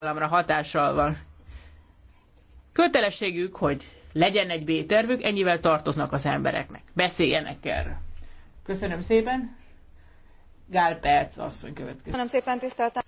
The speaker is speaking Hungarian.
államra hatással van. Kötelességük, hogy legyen egy B-tervük, ennyivel tartoznak az embereknek. Beszéljenek erről. Köszönöm szépen. Gál Perc asszony következik. Köszönöm szépen, tiszteltem.